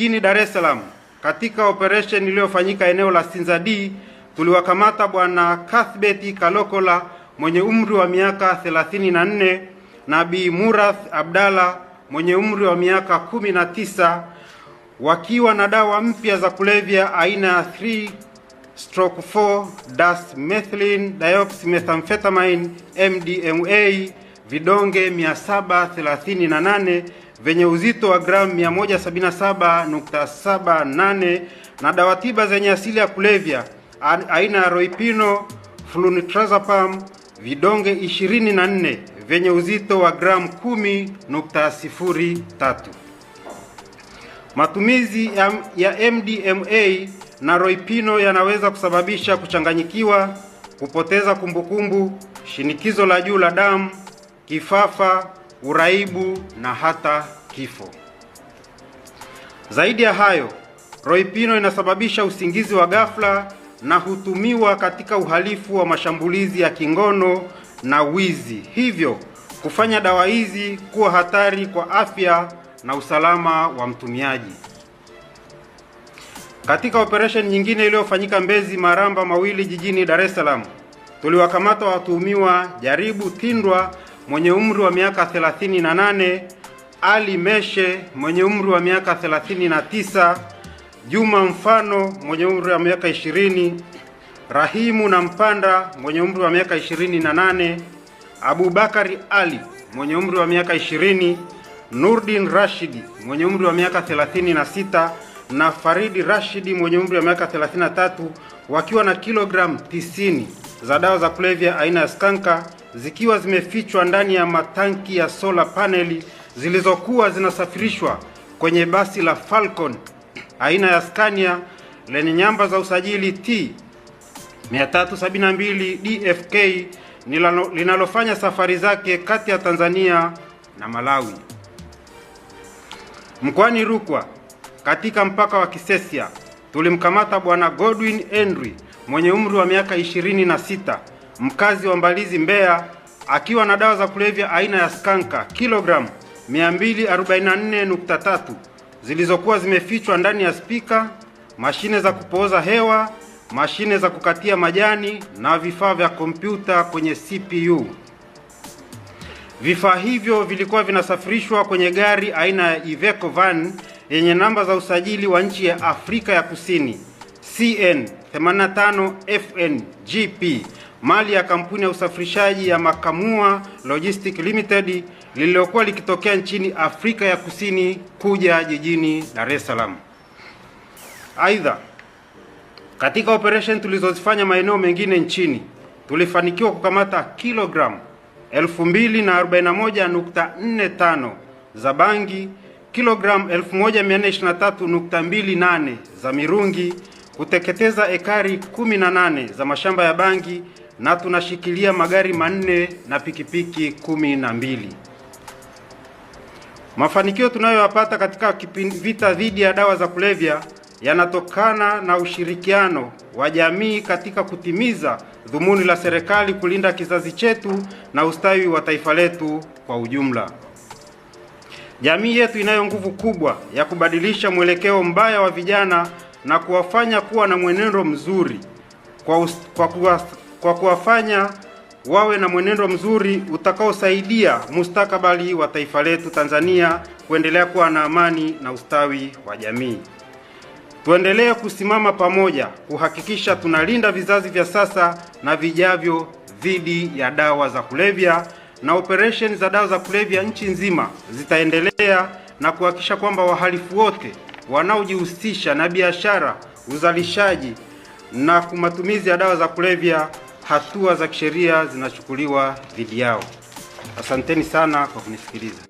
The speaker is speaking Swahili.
jijini Dar es Salaam, katika operation iliyofanyika eneo la Sinza D tuliwakamata bwana Kathbeti Kalokola mwenye umri wa miaka 34 na Bi Murath Abdalla mwenye umri wa miaka 19 wakiwa na dawa mpya za kulevya aina ya 3 stroke 4 das methylene dioxymethamphetamine MDMA vidonge 738 vyenye uzito wa gramu 177.78 na dawa tiba zenye asili ya kulevya aina ya roipino flunitrazepam vidonge 24 vyenye uzito wa gramu 10.03. Matumizi ya MDMA na roipino yanaweza kusababisha kuchanganyikiwa, kupoteza kumbukumbu, shinikizo la juu la damu, kifafa, uraibu na hata kifo. Zaidi ya hayo, roipino inasababisha usingizi wa ghafla na hutumiwa katika uhalifu wa mashambulizi ya kingono na wizi, hivyo kufanya dawa hizi kuwa hatari kwa afya na usalama wa mtumiaji. Katika operesheni nyingine iliyofanyika Mbezi Maramba mawili jijini Dar es Salaam, tuliwakamata watuhumiwa jaribu Tindwa mwenye umri wa miaka 38, Ali Meshe mwenye umri wa miaka 39, Juma Mfano mwenye umri wa miaka 20, Rahimu na Mpanda mwenye umri wa miaka 28, Abubakari Ali mwenye umri wa miaka 20, Nurdin Rashidi mwenye umri wa miaka 36 na Faridi Rashidi mwenye umri wa miaka 33 wakiwa na kilogramu 90 za dawa za kulevya aina ya skanka zikiwa zimefichwa ndani ya matanki ya sola paneli zilizokuwa zinasafirishwa kwenye basi la Falcon aina ya Scania lenye namba za usajili T 372 DFK linalofanya safari zake kati ya Tanzania na Malawi. Mkoani Rukwa, katika mpaka wa Kisesia, tulimkamata bwana Godwin Henry mwenye umri wa miaka 26 mkazi wa Mbalizi, Mbeya, akiwa na dawa za kulevya aina ya skanka kilogramu 244.3 zilizokuwa zimefichwa ndani ya spika, mashine za kupooza hewa, mashine za kukatia majani na vifaa vya kompyuta kwenye CPU. Vifaa hivyo vilikuwa vinasafirishwa kwenye gari aina ya Iveco van yenye namba za usajili wa nchi ya Afrika ya Kusini CN 85 FNGP mali ya kampuni ya usafirishaji ya Makamua Logistic Limited lililokuwa likitokea nchini Afrika ya Kusini kuja jijini Dar es Salaam. Aidha, katika operation tulizozifanya maeneo mengine nchini tulifanikiwa kukamata kilogramu 2041.45 za bangi, kilogramu 1423.28 za mirungi, kuteketeza ekari 18 za mashamba ya bangi na tunashikilia magari manne na pikipiki kumi na mbili. Mafanikio tunayoyapata katika vita dhidi ya dawa za kulevya yanatokana na ushirikiano wa jamii katika kutimiza dhumuni la serikali kulinda kizazi chetu na ustawi wa taifa letu kwa ujumla. Jamii yetu inayo nguvu kubwa ya kubadilisha mwelekeo mbaya wa vijana na kuwafanya kuwa na mwenendo mzuri kwa, kwa, kwa kuwafanya wawe na mwenendo mzuri utakaosaidia mustakabali wa taifa letu Tanzania kuendelea kuwa na amani na ustawi wa jamii. Tuendelee kusimama pamoja kuhakikisha tunalinda vizazi vya sasa na vijavyo dhidi ya dawa za kulevya, na operesheni za dawa za kulevya nchi nzima zitaendelea na kuhakikisha kwamba wahalifu wote wanaojihusisha na biashara, uzalishaji na matumizi ya dawa za kulevya hatua za kisheria zinachukuliwa dhidi yao. Asanteni sana kwa kunisikiliza.